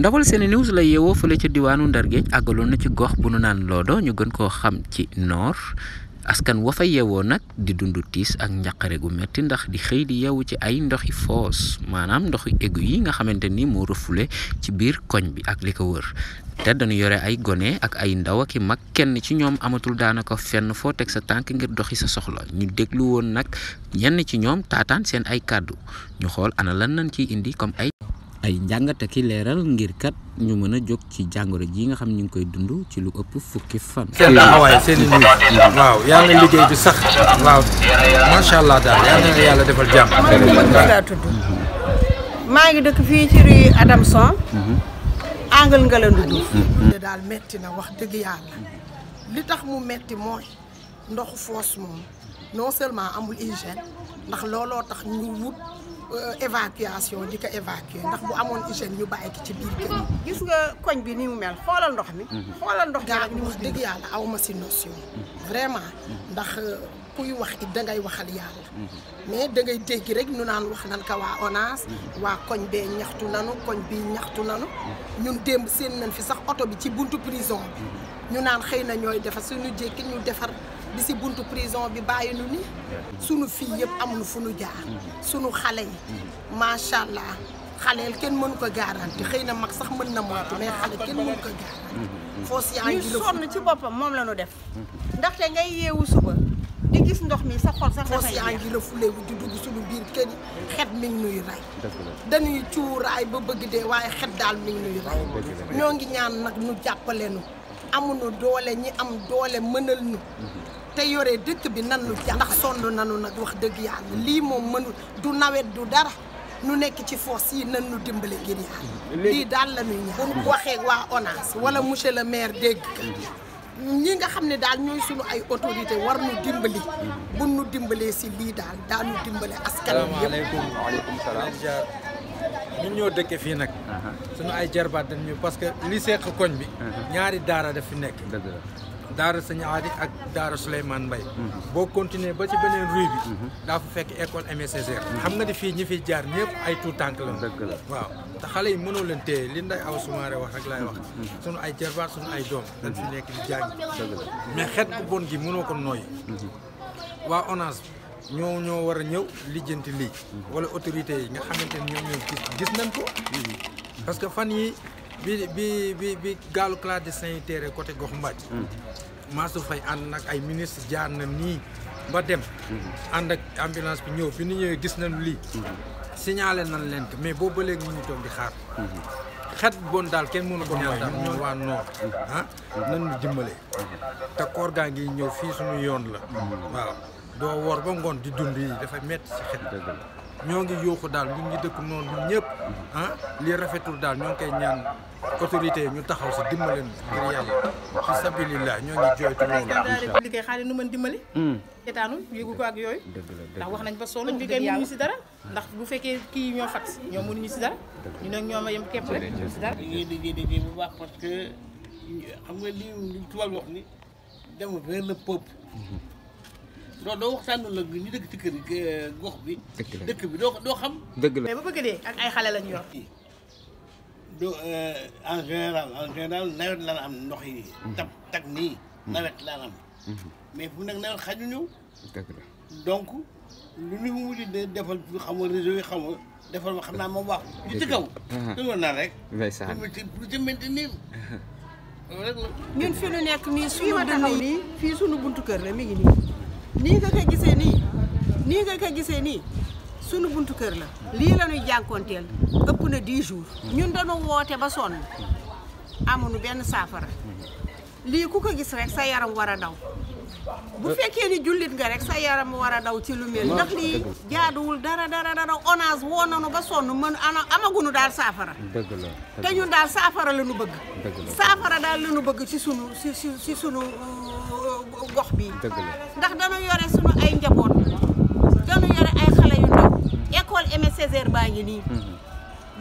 ndawal seen news la yewoo fële ci diwaanu ndargeej àggaloon na ci gox bu nu naan loodo ñu gën koo xam ci noor askan wa fa yeewoo nag di dund tiis ak njaqare gu metti ndax di xëy di yewu ci ay ndoxi foos maanaam ndoxi égu yi nga xamante ni moo rëfule ci biir koñ bi ak li ko wër te dañu yore ay gone ak ay ndaw ak mag kenn ci ñoom amatul daanaka fenn foo teg sa tànk ngir doxi sa soxla ñu déglu woon nag ñenn ci ñoom taataan seen ay kàddu ñu xool ana lan lañ ciy indi comme ay ay jangan ki leral ngir kat ñu mëna jog ci jangoro ji nga xam ñu ngi koy dund ci lu ëpp fukki fan. Ah, waaw seen nit waaw yàlla na liggéey sax waaw sha allah daal yàlla na yalla defal jàmm. ma mhm. ngi dëkk fi ci rue Adamson. Mhm. angle nga la ndudd. Mhm. daal metti na wax dëgg yalla li tax mu metti moy ndox foos mom non seulement amul hygiène ndax lolo tax ñu wut. Euh, évacuation di ko évacuer ndax bu amoon hygiène ñu bàyyi ko ci biir kër gis nga koñ bi ni mu mel xoolal ndox mi mhm. xoolal ndox mi rek ñu wax dëgg yàlla aw ma si notion mhm. vraiment mhm. ndax euh, kuy wax it dangay ngay waxal yàlla mais da ngay dégg rek nu naan wax nan ka waa waa koñ bee ñaxtu nanu koñ bi ñaxtu nanu ñun démb seen nañ fi sax oto bi ci buntu prison bi ñu naan xëy na ñooy defar suñu jékki ñu defar bi si buntu prison bi bàyyi nu ni sunu fii yëpp amul fu nu jaar sunu xale yi macha allah xaleel kenn mënu ko garanti xëy na mag sax mën na moytu mais xale kenn mënu ko garanti foos ci boppam moom la ñu def ndaxte ngay yeewu suba di gis ndox mi sa xol sa foos yaa ngi la fuleewu di dugg suñu biir kenn xet mi ngi nuy rey dañuy cuuraay ba bëgg dee waaye xet daal mi ngi nuy rey ñoo ngi ñaan nag ñu jàppale nu amuñu doole ñi am doole mënal nu te yore dëkk bi nan nu ndax sonn nanu nag wax dëgg yàlla lii moom mënul du nawet du dara nu nekk ci force yi nan nu dimbale ngir yàlla lii daal la wala monsieur le maire dégg ñi nga xam ne daal ñooy suñu ay autorité war nu dimbali bu nu dimbalee si lii daal daal nu dimbale askan wi yëpp ñoo dëkke fii nag sunu ay jarbaat dañ ñu parce que li seq koñ bi ñaari daara daf fi nekk daara Sëñ Aadi ak daara Souleymane Mbaye boo continuer ba ci beneen rue bi mhm. daa fa fekk école MSCCR xam nga ni fii ñi fi jaar ñëpp ay tout tànk la dëgg waaw te xale yi mënoo leen téye li nday aw sumaare wax rek laay wax mhm. Mhm. sunu ay jarbaat sunu ay doom dañ fi nekk di jàng mais xet bu bon gi mënoo ko nooy waa ONAS ñoo ñoo war a ñëw lijjanti lii wala autorité yi nga xamante ne ñoo gis gis nañ ko parce que fan yi bi bi bi bi gaalu clandestin yi téere côté gox Mbaj. Hmm. Mansour Faye ànd nag ay ministre jaar na nii ba dem. Hmm. ànd ak ambulance bi ñëw bi ñu ñëwee gis nañu lii. Hmm. signalé nañ leen mais boo ba léegi ñu toog di xaar. xet bon daal kenn mënu ko ñaan daal ñun waa noor ah nan ñu gaa ngi ñëw fii suñu yoon la waaw doo wor ba ngoon di dund yi dafa metti ci xet ñoo ngi yuuxu daal ñun ñi dëkk noonu ñun ñëpp ah li rafetul daal ñoo ngi koy ñaan autorité yi ñu taxaw si dimbaleen ngir yàlla ci sabilillah ñoo ngi jooytu loolu liggéey xaalis nu mën dimbali hmm. étaanul yëgu ko ak yooyu ndax wax nañ ba sonn bi kay mënuñu si dara ndax bu fekkee kii ñoo fat ñoom ñu si dara ñu ne ñoom a yem képp rek si dara ñu ngi liggéey liggéey bu baax parce que xam nga li tubaab wax ni dem vers le peuple doo doo waxtaanul ak ñu dëkk ci euh, gox bi. dëkk bi doo doo xam. dëgg la mais bu bëgg dee ay xale la yor. doo euh, en général en général nawet la am ndox yi. tab tag ni nawet la am. Mm-hmm. mais fu nag nawet xaju ñëw. dëgg la donc lu ñu mujj de defal xamoo réseau yi xamoo defal ma xam naa moom baaxul. dëgg la ci kaw. Ah. naa rek. ndeysaan pour ci maintenir. Ah. rek la ñun fi ñu nekk nii. fii ma taxaw nii fii sunu buntu kër la mi ngi nii. nii nga ko gisee nii nii nga ko gisee nii sunu buntu kër la lii la ñuy jànkoonteel ëpp na 10 jours ñun dañu woote ba sonn amuñu benn saafara lii ku ko gis rek sa yaram war a daw bu euh. fekkee ni jullit nga rek sa yaram war a daw ci lu mel ndax lii jaaduwul dara dara dara onage woo nanu ba sonn mën ana amagunu daal saafara te ñun daal saafara la ñu bëgg saafara daal la ñu bëgg ci sunu ci sunu euh, gox bii dañu yore suñu ay njaboot dañu yore ay xale yu ndaw école Aimé Césaire baa ngi nii mhm.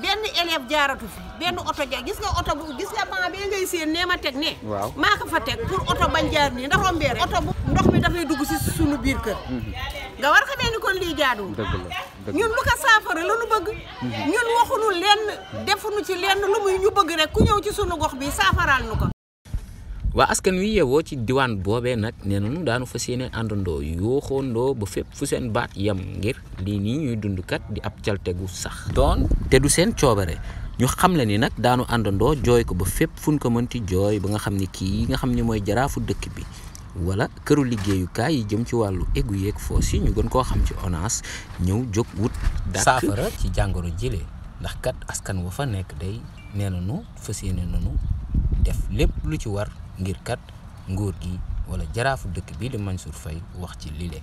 benn élève jaaratu fi benn oto ja gis nga oto bu gis nga ban bee ngay seen nee ma teg ne maa ko fa teg pour oto bañ nii ndax rek oto bu ndox mi dafay dugg si suñu biir kër mhm. nga war xamee ni kon lii jaaduwul ñun lu ko saafara la nu bëgg mhm. ñun waxunu lenn defuñu ci lenn lu muy ñu bëgg rek ku ñëw ci sunu gox bi saafaraal nu ko wa askan wi yewo ya ci diwan bobé nak nee nañu daanu fas andando yo xondo ba fep fu sen baat yam ngir li ni ñuy dund kat di ab calte gu sax don te du sen coobare ñu xam la ni nak daanu andando joy ko ba fep fuñ ko mënti joy ba nga xam ni nga xam ni jara fu dëkk bi wala këru kay yi jëm ci walu égu yek foos ñu gën ko xam ci ONAS ñew jog wut safara ci jangoro jile ndax kat askan wa fa nek day nee nanu fas yéene def lepp lu ci war ngir kat nguur gi wala jaraafu dëkk bii di Mansour Faye wax ci lile.